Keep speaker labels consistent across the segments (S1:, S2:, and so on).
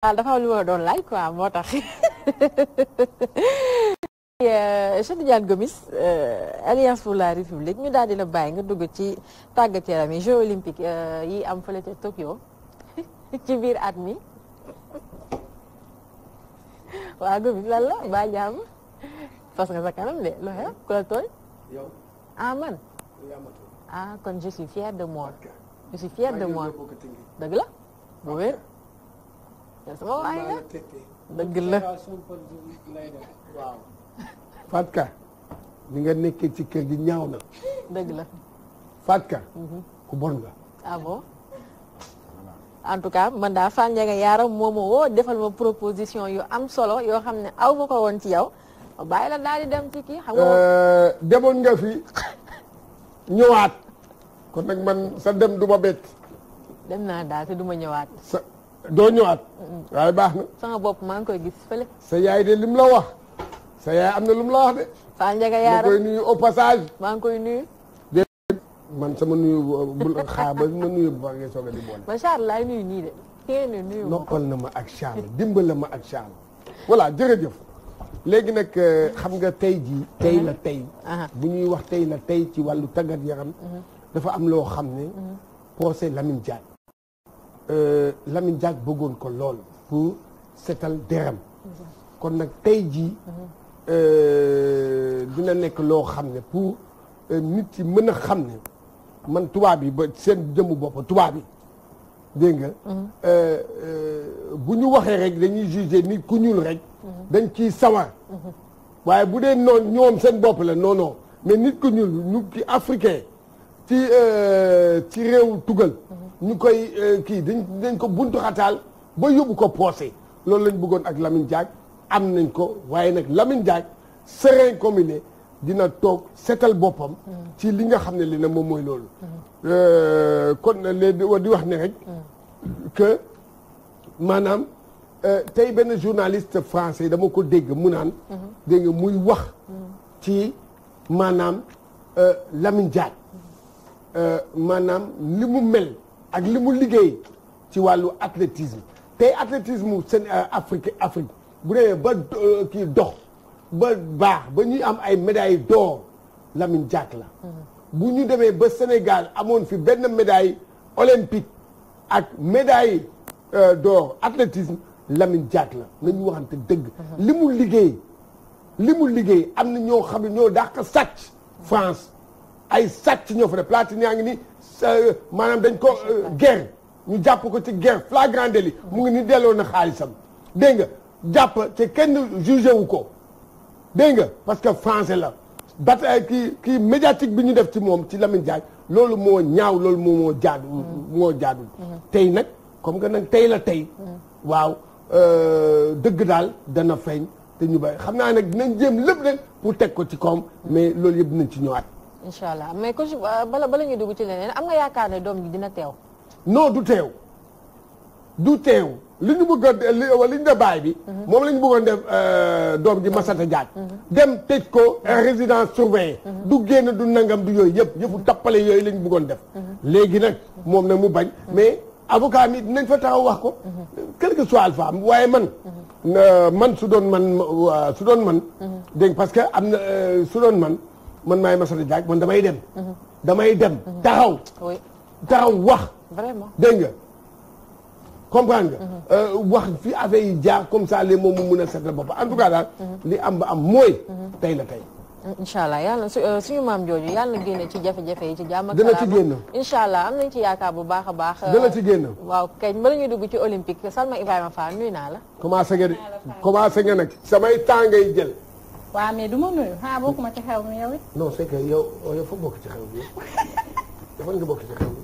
S1: waaw ah, dafa am lu ma doon laaj quoi moo tax euh, Cheikh Tidiane Gomis euh, alliance pour la république ñu daal di bàyyi nga dugg ci tàggat yi jeux olympiques euh, yi am fële ca Tokyo ci biir at mi waaw Gomis lan la jàmm fas sa kanam de loxo ku la ah, tooñ ah kon je suis fier de moi je suis fier de moi dëgg la waay
S2: la dëgg la waaw.
S3: ni nga nekkee ci kër gi ñaaw na. dëgg la. Fatka. Mhm. ku bon nga.
S1: ah en tout cas man daa Fall Ndiaga Yaara moo ma woo defal ma proposition yu am solo yoo xam ne aw ma ko woon ci yow bàyyi la daal di dem ci kii. xam euh,
S3: demoon nga fi ñëwaat. kon nag man sa dem du ma
S1: dem naa daal te du ma doo ñëwaat waaye baax na. sama bopp maa ngi koy gis fële.
S3: sa yaay de lim la wax sa am na lum la wax de.
S1: Fane Ndiaga yaara maa ngi koy nuyu.
S3: man sama nuyu bu xaar ba ma nuyu ba nga soog a di
S1: boole. nii de. kenn
S3: na ma ak Charles dimbala ma ak Charles. voilà jërëjëf. léegi nag euh, xam nga tey jii. tey la uh-huh. tey. Uh-huh. bu ñuy wax tey la tey ci wàllu tàggat yaram. Uh-huh. dafa am loo xam ne. procès Lamine Diack. Euh, Lamine Diack bëggoon ko lool pour setal deram kon nag tey jii mhm. euh, dina nekk loo xam ne pour euh, nit yi mën a xam ne man tubaab yi ba seen jëmmu bopp tubaab yi dégg nga. Mhm. bu ñu waxee rek dañuy juger nit ku ñuul rek. Mhm. dañ ciy sawar. waaye bu dee noonu ñoom seen bopp la non non mais nit ku ñuul ñu ci africain ci ci réew tugal. ñu koy euh, kii dañ dañ ko buntu xataal ba yóbbu ko poosé loolu lañ bëggoon ak Lamine Diack am nañ ko waaye nag Lamine jaaj serein comme dina toog setal boppam ci li nga xam ne li na moom mooy loolu mm. euh, kon léegi di wax ne rek mm. que maanaam euh, tey benn journaliste français dama ko dégg mu naan mm-hmm. dégg nga muy wax mm. ci maanaam Lamine jaaj maanaam li mu mel ak li mu liggéey ci wàllu athlétisme tey athlétisme seen euh, Afrique Afrique bu demee ba euh, ki dox ba baax ba ñuy am ay médailles d'or Lamine Diack la. Mm-hmm. bu ñu demee ba Sénégal amoon fi benn médaille olympique ak médaille euh, d'or athlétisme Lamine Diack la nañu waxante dëgg. Mm-hmm. li mu liggéey li mu liggéey am na ñoo xam ne ñoo dàq sàcc France. ay sàcc ñoo fa ne Platini yaa ngi ni maanaam dañ ko euh, guerre ñu jàpp ko ci guerre flagrant délit mu ngi ni delloo na xaalisam dégg nga jàpp te kenn jugé wu ko dégg nga parce que français la bataille kii kii médiatique bi ñu def ci moom ci Lamine Diack loolu moo ñaaw loolu moo moo jaadu mm-hmm. moo jaadu mm-hmm. tey nag comme que nag tey la tey
S4: mm-hmm.
S3: waaw euh, dëgg daal dana feeñ te ñu bàyyi xam naa nag dinañ jéem lépp leen pour teg ko ci koom mais loolu yëpp nañ ci ñëwaat
S1: incha allah mais coach bala bala ñuy dugg ci leneen am nga yaakaar ne doom ji dina teew.
S3: noo du teew du teew li ñu bëgg a li li ñu def baay bi. Mhm. moom la ñu bëggoon def euh, doom ji Massata Diagne. Mhm. dem tëj ko mhm. résidence surveillée. du génn du nangam du yooyu yëpp yëpp tappale yooyu la buggoon def. léegi nag moom nag mu bañ. mais avocat mi dinañ fa taxaw wax ko. quel que soit am waaye man. man su doon man su doon man. dégg parce que am na euh, su doon man. man maay Massokhna Diagne man damay dem. damay dem taxaw. taxaw wax. vraiment dégg nga comprendre nga. Mhm. Euh, wax fi affaire yi jaar comme ça les moom mu mën a seetal boppam en tout cas daal. Mhm. li am ba am mooy. Mhm. tey la tey.
S1: incha allah yàlla euh, suñu maam jooju yàlla na génne ci jafe-jafe yi ci jàmm ak dana ci génn incha allah am nañ ci yaakaar bu baax a baax euh, dana ci génn waaw kay bala ñuy dugg ci olympique Salma Ibrahima Fall nuyu naa la
S3: commencé nga de commencé nga nag samay temps ngay jël
S1: waaw mais du ma nuyu ah bokkuma ci xew mi yow it.
S3: non c'est que yow oh, yow foog ci xew bi dafa nga bokk ci xew bi.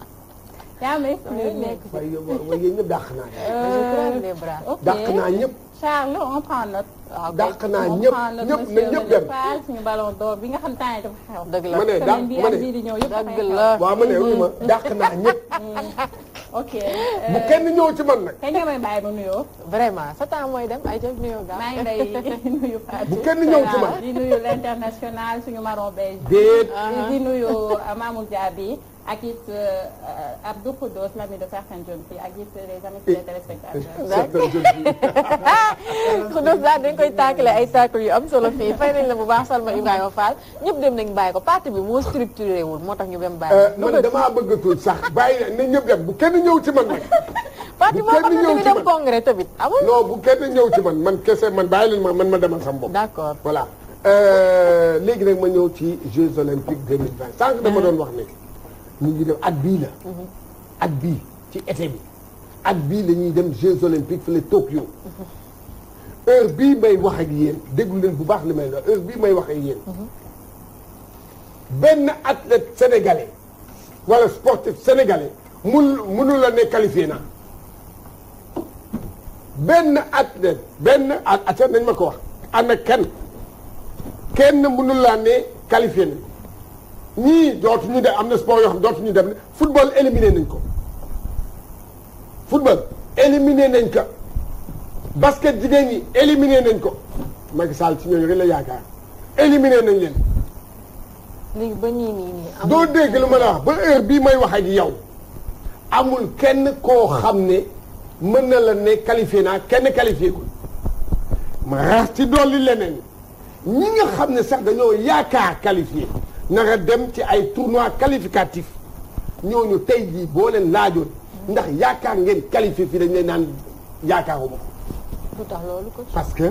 S3: yaa may ah, nekk fii waaye yéen ñëpp dàq naa. Euh, ok dàq na ñëpp.
S1: Charles on prend note. waaw ah, dàq na ñëpp dem. suñu ballon d'or bi nga xam ne dàq ma ne semaine di
S3: ñëw yëpp dëgg la waaw ma ne mm-hmm.
S1: ok bu eh, kenn
S3: ñëw ci man nag.
S1: kañ nga may bàyyi ma nuyoo. vraiment sa temps mooy dem ay jëm nuyoo gaaw. maa ngi lay nuyu Fatou. bu kenn ñëw ci man di nuyu l'international suñu marron beige. déet ah, di nuyu ah, Mamour Diaby. ak it euh, euh, ab du xuddoos l'ami de certaines jeunes filles ak it euh, les amis des téléspectateurs. xuddoos daal dañ koy tàkkale ay tàkku yu am solo fii fay nañ la bu baax Salma Ibrahima Fall ñëpp dem nañ bàyyi ko parti bi moo structuré wul moo tax ñu dem bàyyi ko. man
S3: damaa bëggatul sax bàyyi na ñëpp dem bu kenn ñëw ci man nag. bu kenn ñëw ci man tamit amul. bu kenn ñëw ci man man kese man bàyyi leen ma man ma demal sama bopp. d'accord voilà léegi nag ma ñëw ci Jeux olympiques 2020 sànq dama ah. doon wax ne. ñu ngi dem at bii la. Mm-hmm. at bii ci été bi. at bii la ñuy dem Jeux olympiques fële Tokyo. Mm-hmm. heure bii may wax ak yéen déglu leen bu baax li may wax bii may wax ak yéen. Mm-hmm. benn athlète sénégalais wala sportif sénégalais mun mënu la ne qualifié na benn athlète benn athlète nañ ma ko wax ana kenn kenn mënu laa ne qualifié ñii dootuñu dem am na sport yoo xam dootuñu dem ne football éliminé nañ ko football éliminé nañ ko basket jigéen ñi éliminé nañ ko Macky Sall ci ñooñu rek la yaakaar éliminé nañ leen.
S1: léegi ba nii nii nii. doo dégg lu ma la
S3: wax ba heure bii may wax ak yow amul kenn koo xam ne mën na la ne qualifié naa kenn qualifié ko ma rax ci dolli leneen ñi nga xam ne sax dañoo yaakaar qualifié. na nga dem ci ay tournois qualificatif ñooñu tey jii boo leen laajoon ndax yaakaar ngeen qualifié fii dañ lay naan yaakaaruma ko.
S1: lu tax loolu ko
S3: parce que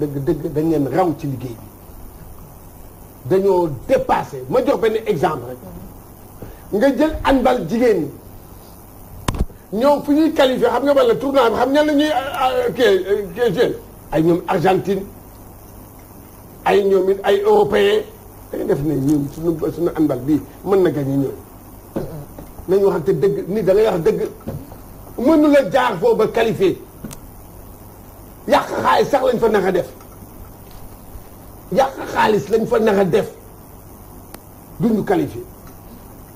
S3: dagg dëgg dañ leen raw ci liggéey bi dañoo dépassé ma jox benn exemple rek nga jël handball jigéen ñi ñoom fu ñuy qualifié xam nga wala tournoi bi xam ñan la ñuy euh, euh, kii ay ñoom Argentine ay ñoom ay européens. da nga def ne ñun suñu suñu àndal bii mën na gañe ñoom nañu waxante dëgg ni da ngay wax dëgg mënu la jaar foofu ba qualifié yàq xaalis sax lañ fa nax a def yàq xaalis lañ fa nax a def duñu qualifié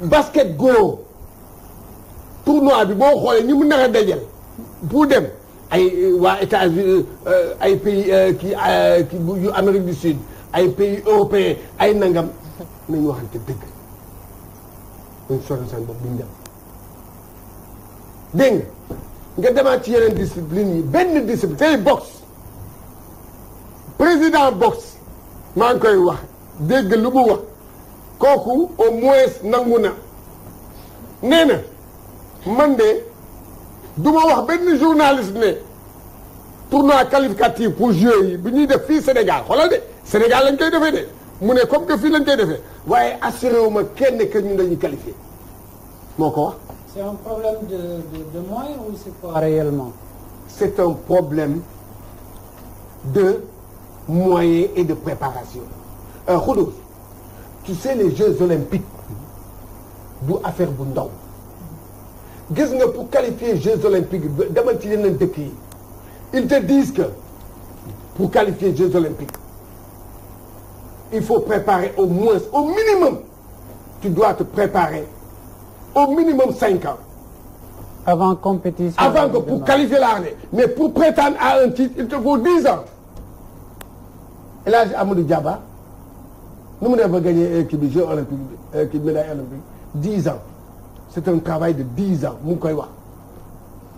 S3: basket go tournoi bi boo xoolee ñi mu nax a dajal pour dem ay waa États-Unis euh, ay pays euh, kii euh, kii yu Amérique du Sud ay pays européens ay nangam nañu wax dëgg nañ sori seen bopp duñ dégg nga nga demaat ci yeneen discipline yi benn discipline tey boxe président boxe maa ngi koy wax dégg lu mu wax kooku au moins nangu na nee na man de duma ma wax benn journaliste ne tournoi qualificatif pour jeux yi bu ñuy def fii Sénégal xoolal de Sénégal lañ koy defee de mu ne comme que fii lañ koy defee waaye assuré wu ma kenn que ñun dañuy qualifié moo ko wax.
S2: c'est un problème de de ou c'est quoi réellement.
S3: c'est un problème de moyens et de préparation. Euh, Khoudous tu sais les Jeux olympiques du affaire bu ndaw gis nga pour qualifier Jeux olympiques demal ci yeneen dëkk yi ils te disent que pour qualifier Jeux olympiques. il faut préparer au moins, au minimum, tu dois te préparer au minimum cinq ans. Avant compétition. Avant que pour qualifier l'armée. Mais pour prétendre à un titre, il te faut 10 ans. Et là, Amadou Diaba, nous avons gagné l'équipe des Jeux olympiques, l'équipe médaille olympique, 10 ans. C'est un travail de 10 ans, mon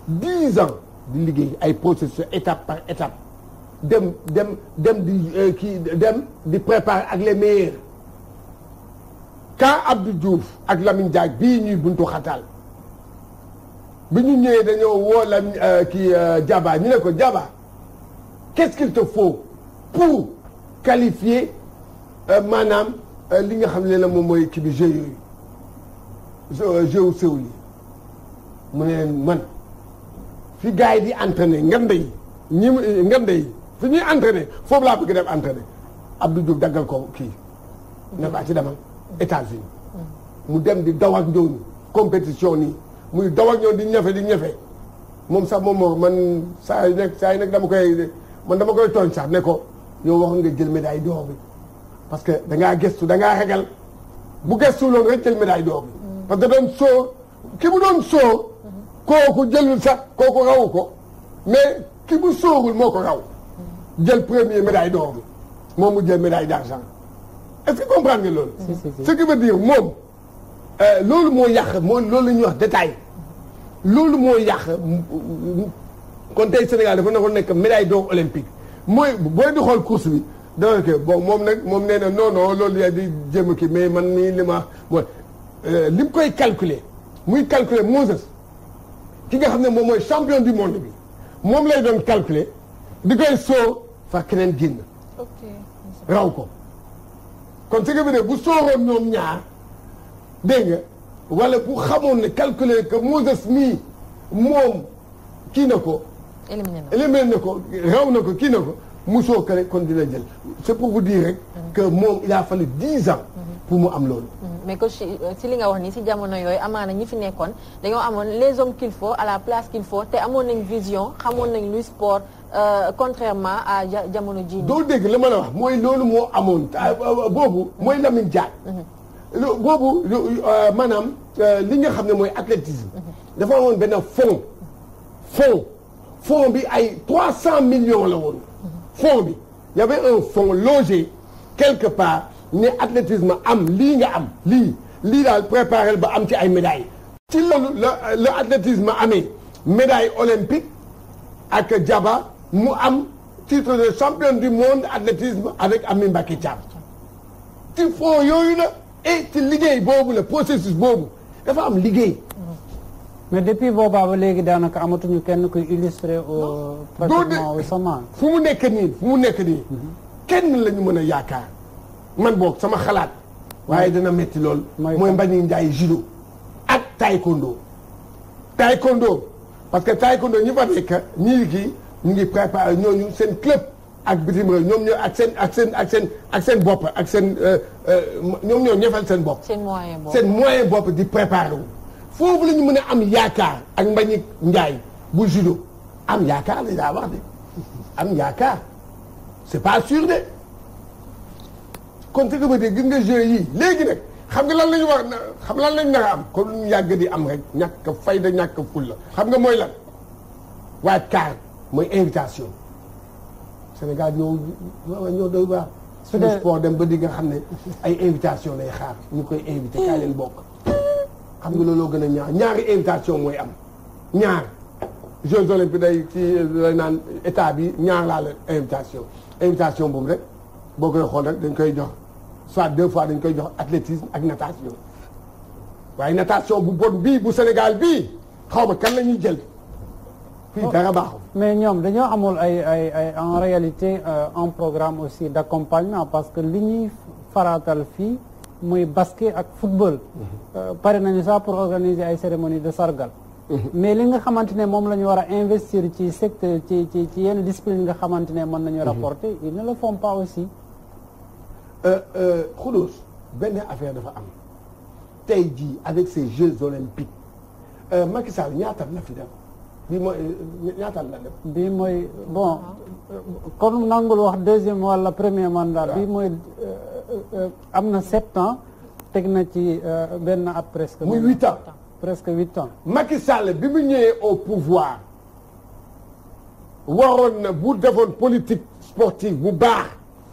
S3: 10 ans de liguer, processus étape par étape. dem dem dem di euh, kii dem di préparer ak les meilleurs quand Abdou Diouf ak Lamine Diack bi ñuy buntu xataal bi ñu ñëwee dañoo woo la euh, kii euh, Diaba ñu ne ko Diaba qu'est-ce qu'il te faut pour qualifier maanaam li nga xam ne la moom mooy kii bi jeu yooyu jeu wu sew yi mu ne man fi gars yi di entraîné ngande yi ñi ngande yi fi ñuy entraîné foofu laa bëgg dem entraîné Abdou Diouf daggal ko kii ne ko ci demal États-Unis mu dem di daw ak ñooñu compétition nii muy dawal ak di ñafe di ñafe moom sax moom moo man sax yu nekk saa yu dama koy man dama koy tooñ sax ne ko yow waxoon nga jël médaille d'or bi parce que dangaa gëstu dangaa ragal bu gëstu loolu rek jël médaille d'or bi mm-hmm. parce que doon soo ki mu doon soo mm-hmm. kooku jëlul sax kooku raw ko mais ki mu soowul moo ko raw jël premier médaille d'or moom mu jël médaille d'argent est-ce que comprendre nga loolu. ce qui veut moom euh, loolu moo yàq moo loolu la ñuy wax détail loolu moo yàq kon tey Sénégal dafa nekkoon nekk médaille d'or olympique mooy booy di xool course bi dama ne bon moom nag moom nee na non non loolu yaa di jéem a kii mais man nii li ma wax euh, li koy calculer muy calculer Moses ki nga xam ne moom mooy champion du monde bi moom lay doon calculer di koy soo. far keneen génn. raw ko kon ce qui veut dire bu sooroon ñoom ñaar dégg nga wala bu xamoon ne calculer que Moses mii moom kii na ko. éliminé na ko raw na ko kii na ko musoo kale di la jël c'est pour vous dire rek. Mhm. que moom il a fallu dix ans. Mhm. pour mu am loolu. Mhm.
S1: mais que euh, li nga wax nii si jamono amaan amaana ñi fi nekkoon dañoo amoon les hommes qu'il faut à la place qu'il faut te amoon nañ vision xamoon nañu luy sport. Euh, contrairement à jamono ji doo
S3: dégg mooy loolu moo amoon euh, euh, boobu mooy Lamine Diack mm-hmm. boobu maanaam li nga xam ne mooy athlétisme mm-hmm. dafa amoon benn fond fond bi ay trois cent millions la woon mm-hmm. fond bi y avait un fond logé quelque part ne athlétisme am lii nga am lii lii ba am ci ay médailles ci loolu la la médaille olympique ak jaba mu am titre de champion du monde athlétisme avec Ami Mbacké Thiam ci fond yooyu la et liggéey boobu la processus boobu dafa am liggéey
S2: mais depuis boobaa ba léegi daanaka amatuñu kenn kuy illustrer au
S3: pratiquement au sama fu mu nekk nii fu mu nekk nii mhm. kenn la ñu mën a yaakaar man boog sama xalaat waaye dana metti lool mooy Mbagnick Ndiaye judo ak taekwondo taekwondo parce que taekwondo ñi fa nekk ñii kii ñu ngi préparé ñooñu seen club ak bitim réew ñoom ñoo ak seen ak seen ak seen ak seen bopp ak seen euh, euh, ñoom ñoo ñefal seen bopp.
S1: seen moyen bopp seen
S3: moyen bopp di préparé wu. foofu la ñu mën a am yaakaar ak Mbagnick Ndiaye bu judo am yaakaar li daa wax de am yaakaar c'est pas sûr de kon ce qui veut dire gis nga jeu yi léegi nag xam nga lan la ñu wax xam lan lañ nar a am kon lu ñu yàgg di am rek ñàkk fayda ñàkk ful la xam nga mooy lan waaye kaar. mooy invitation Sénégal ñoo ñoo doy waar. suñu sport dem ba di nga xam ne ay invitation lay xaar ñu koy invité kaay leen bokk. xam nga looloo gën a ñaar ñaari invitation mooy am ñaar Jeux olympiques day ci lay naan état bi ñaar laa la invitation invitation boobu rek boo koy xool rek dañ koy jox soit deux fois dañ koy jox athlétisme ak natation waaye natation bu bon bii bu Sénégal bii xaw ma kan lañuy jël. fii dara
S2: mais ñoom dañoo amul ay ay ay en réalité euh, un programme aussi d' accompagnement parce que li ñuy faraatal fii muy basket ak football. Mhm. Euh, pare nañu sax pour organiser ay cérémonie de sargal. Mhm. mais li nga xamante ne moom la ñu war a investir ci secteur ci ci ci yenn discipline nga xamante ne mën nañu mhm. rapporter ils ne le font pas aussi. Euh,
S3: Khoudous benn affaire dafa am tey ji avec ces Jeux olympiques Macky Sall ñaata la fi dem. bii mooy ñaata at la def. mooy bon
S2: kon nangul wax deuxième wala premier mandat. bi bii mooy euh, euh, am na sept ans teg na ci euh, benn at presque. muy huit ans presque
S3: huit ans. Macky Sall bi mu ñëwee au pouvoir waroon na bu defoon politique sportive bu baax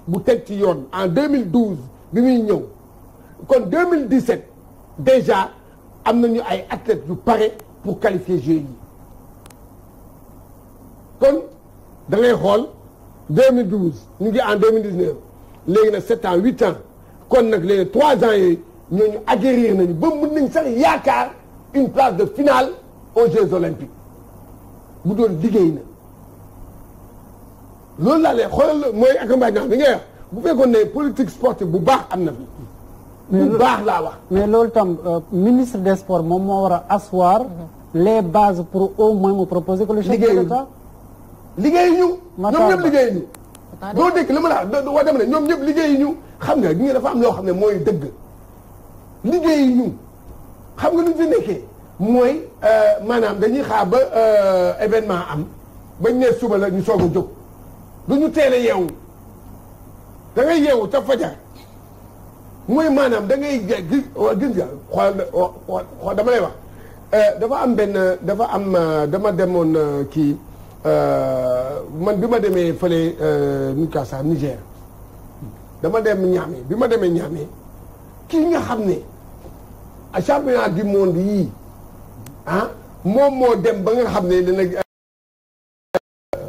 S3: bu teg ci yoon en 2012 bi muy ñëw kon 2017 déjà am nañu ay athlètes yu pare pour qualifier Jeux yi. kon da ngay xool 2012 ñu ngi en 2019 léegi nag 7 ans 8 ans kon nag léegi trois ans yooyu ñooñu acquérir nañu ba mën nañ sax yaakaar une place de finale au Jeux olympiques bu doon liggéey na. loolu laa lay xoolal mooy accompagnement bi ngay wax bu fekkoon ne politique sportive bu baax am na fi. bu baax laa wax.
S2: mais loolu tam euh, ministre des sports moom moo war a
S3: asseoir mm-hmm. les bases pour au moins mu proposer que le chef de l'État liggéey ñu ñoom ñëpp liggéey ñu doo dégg li ma la wax dama ne ñoom ñëpp liggéey ñu xam nga ñu nga dafa am loo xam ne mooy dëgg liggéey ñu xam nga lu fi nekkee mooy euh, maanaam dañuy xaar ba euh, événement am bañ ne suba la ñu soog a jóg du ñu teel a yeewu da ngay yeewu ca fajar mooy maanaam da ngay gis gis nga xool dama lay wax euh, dafa am benn dafa am dama demoon kii Euh, man bi ma demee fale nu euh, ka sa Niger dama dem Niamey bi ma demee Niamey kii nga xam ne a championnat du monde yii ah, moom moo dem ba nga xam ne dana euh,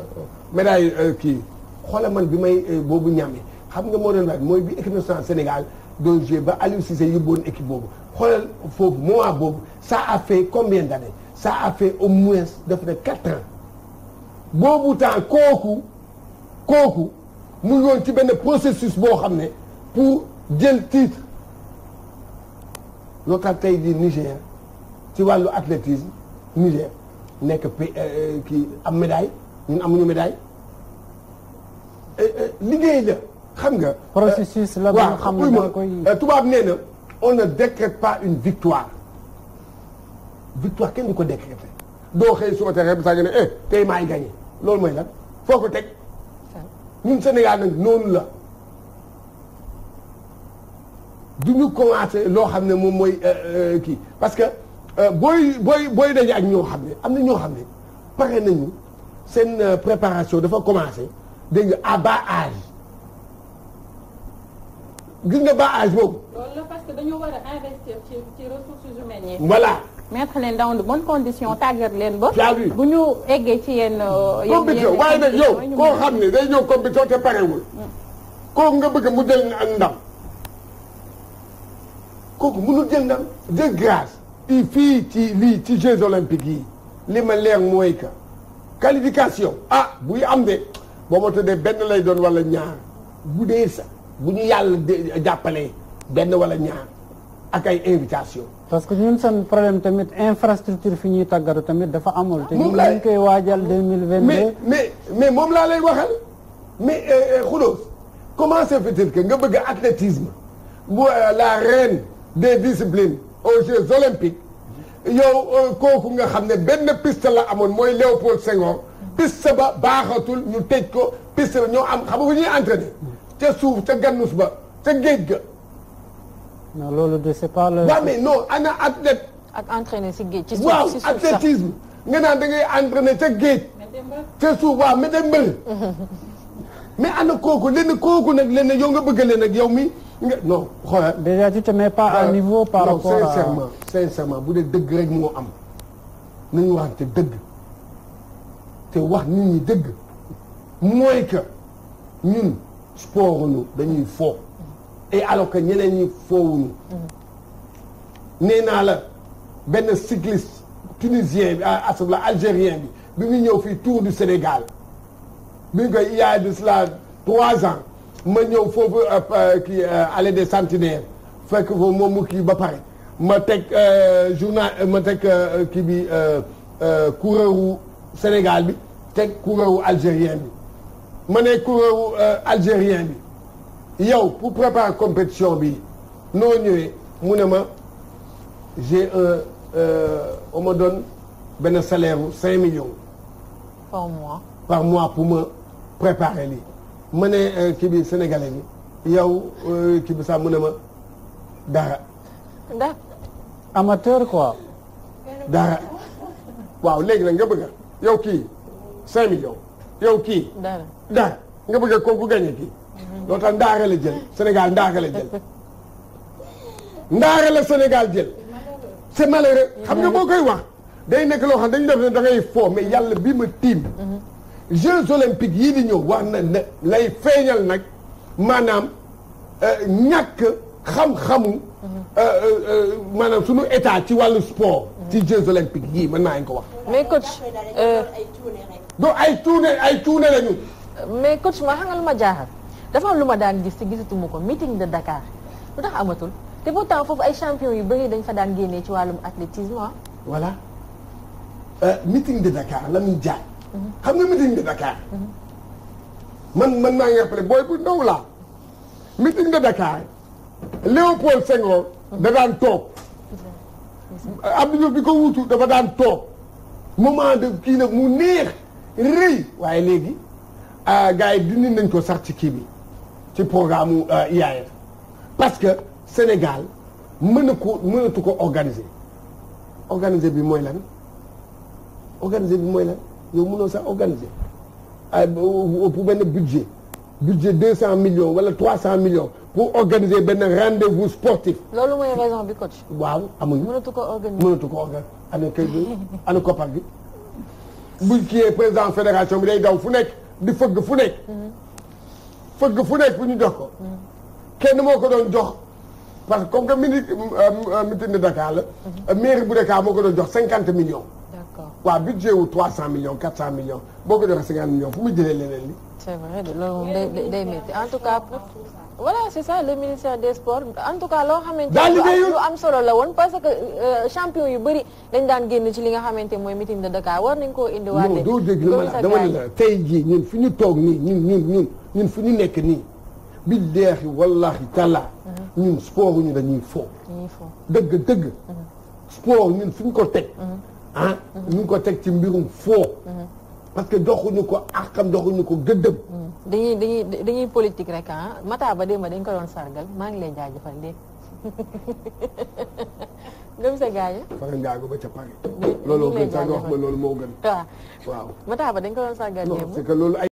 S3: médaille kii xoola man bi may boobu Niamey xam nga moo doon waaj mooy bi équipe nationale Sénégal doon ba Aliou Cissé yóbboon équipe boobu xoolal foofu moment boobu sa a fait combien d'années ça a au moins def na quatre ans boobu temps kooku kooku mu ngi ci benn processus boo xam ne pour jël titre loo tax tey di Niger ci wàllu athlétisme Niger nekk p euh, kii am médaille ñun amuñu médaille euh, euh, liggéey la xam nga. processus la nga xam ne da nee na on ne décrète pas une victoire victoire kenn du ko décréter doo xëy suba te rek saa loolu mooy lan foo ko teg ñun Sénégal nag noonu la du ñu commencé loo xam ne moom mooy euh, euh, kii parce que euh, booy booy booy daje ak ñoo xam ne am na ñoo xam ne pare nañu seen préparation dafa commencé dégg à bas âge gis nga bas âge boobu.
S1: loolu parce que dañoo war a investir mettre leen dans de bonnes conditions tàggat leen ba. bu ñu eggee ci yenn. Euh, yéen compétition waaye nag
S3: yow koo xam ne day ñëw compétition te parewul. Mm. kooku nga bëgg mu jël ndam. kooku mënul jël ndam de fii ci lii ci Jeux olympiques yi li ma leer mooy que qualification ah buy am de boo ma tuddee benn lay doon walla ñaar bu dee sax bu ñu yàlla jàppalee benn wala ñaar. ak ay invitation
S2: parce que ñun seen problème tamit infrastructure fi ñuy tàggatu tamit dafa amul. te ñu ngi
S3: koy waajal deux mille vingt deux mais mais mais moom laa leen waxal mais euh, euh, Khoudous comment se fait-il que nga bëgg athlétisme bu euh, la reine des disciplines aux Jeux olympiques yow kooku nga xam ne benn piste la amoon mooy Léopold Senghor piste ba baaxatul ñu tëj ko piste ba ñoo am xam nga ñuy entraîné ca suuf ca gannus ba ca géej ga. non loolu de c'est pas le. waaw mais non ana athlète.
S1: ak entraîner si géej.
S4: ci suuf waaw athlétisme.
S3: nga naan da ngay entraîner ca géej. ca suuf waaw mais day mbër. mais ana kooku lenn kooku nag lenn yow nga bëgg leen ak yow mi nga te mets pas à euh, niveau. par rapport à sincèrement sincèrement bu dee dëgg rek moo am nañu waxante dëgg te wax nit ñi dëgg mooy que ñun sport nu dañuy fo. et alors que ñeneen ñi foowuñu nee naa la benn cycliste tunisien bi ah, asubla algérien bi bi muy ñëw fii tour du Sénégal bi ñu koy il y trois ans ma ñëw foofu euh, kii euh, allée des centenaires fekk foofu moom mu kii ba pare ma teg euh, journal ma teg kii bi coureuru Sénégal bi teg coureuru algérien bi ma ne coureuru algérien bi yow pour préparer compétition bi noo ñëwee mu ne ma j'ai un euh, on benn salaire bu 5 millions. par mois par mois pour ma préparer li ma ne euh, kii bi sénégalais bi yow euh, kii bi sax mu ne ma dara. ndax. amateur quoi. dara waaw léegi nag nga bëgg yow kii 5 millions. yow kii. dara dara nga bëgg a kooku gagné kii. doo tax ndaare la jël Sénégal ndaare la jël ndaare la Sénégal jël c'est malheureux xam nga boo koy wax day nekk loo xam dañu def ne da ngay foo mais yàlla bi ma tiim Jeux olympiques yii di ñëw wax na ne lay feeñal nag maanaam euh, ñàkk xam-xamu euh, euh, maanaam sunu état ci wàllu sport ci Jeux olympiques yii mën naa ñu ko wax mais coach do ay cuune ay cuune lañu
S1: mais coach ma xangal ma jaaxal dafa am lu ma daan gis te gisatuma ko meeting de dakaar lu tax amatul te pourtant foofu ay champion yu bëri dañ fa daan génnee ci wàllum athlétisme ah.
S3: voilà euh, meeting de Dakar la muy jaay. Mhm. xam nga meeting de Dakar. Mhm. man man maa ngi rappelé booy bu ndaw laa. meeting de Dakar Léopold Senghor. da daan toog. Abdou Diouf bi ko wutu dafa daan toog moment de kii nag mu neex rëy waaye léegi ah, gars yi dindi nañ ko sax ci kii bi. ci programme mu euh, IAAF parce que Sénégal mën na ko mënatu ko organiser organiser bi mooy lan organiser bi mooy lan yow mu sax organiser ay euh, pour benn budget budget deux cent millions wala trois cent millions pour organiser benn rendez-vous sportif. loolu mooy raison bi coach. waaw amuñu mënatu ko organiser mënatu ko organiser. ana kër gi ana koppar fédération bi day daw fu nekk di fëgg fu nekk. Mhm. fëgg fu nekk fu ñu jox ko. Mm. kenn moo ko doon jox parce que comme que mini la. Mm-hmm. mairie bu Dakar moo ko doon jox cinquante millions. d'accord waaw budget wu trois cent millions quatre millions boo ko joxee cinquante millions fu mu jëlee leneen li.
S1: c'est loolu day day métti en tout cas. voilà c'est des sports en tout cas loo xamante lu am solo la woon parce que euh, champion yu bëri dañ daan génn ci li nga xamante mooy meeting de Dakar war nañ koo indiwaatee. doo dégg dama ne la
S3: ñu toog nii ñun ñun ñun fu ñu nekk nii billaahi wallaahi tàllaa uh-huh. ñun sport ñu dañuy fo dëgg dëgg uh-huh. sport ñun fu ñu ko teg uh-huh. ah ñu ngi ko teg ci mbirum foo parce que doxuñu ko àqam doxuñu ko gëddëm
S1: dañuy dañuy dañuy politique rek ah mataa Ba ma dañ ko doon sargal maa ngi lay jaajëfal dégg gëm sa gaañu
S3: fara njaago ba ca Paris loolu wax loolu moo gën ah. waaw
S1: Matar Ba dañ ko doon sargal
S3: démb